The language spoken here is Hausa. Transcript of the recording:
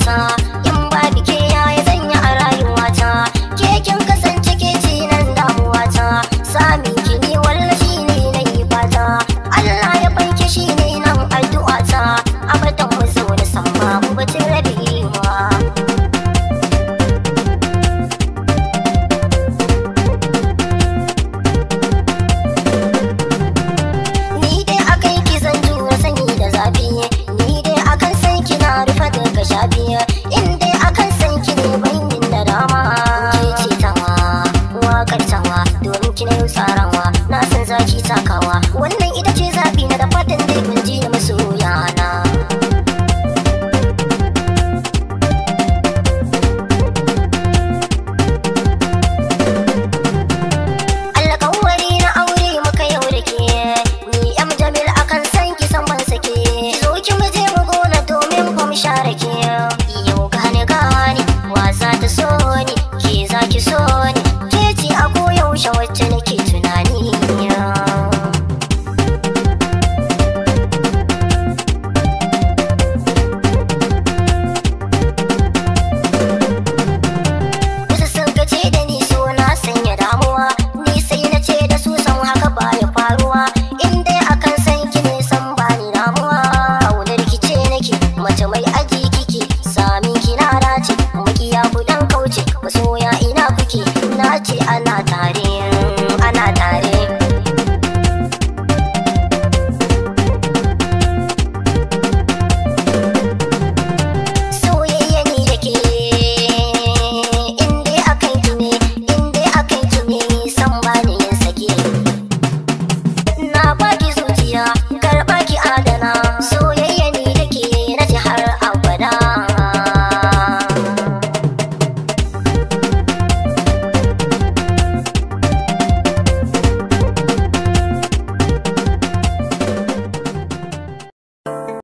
time. ki na yau tsarawa na san zaki takawa wannan another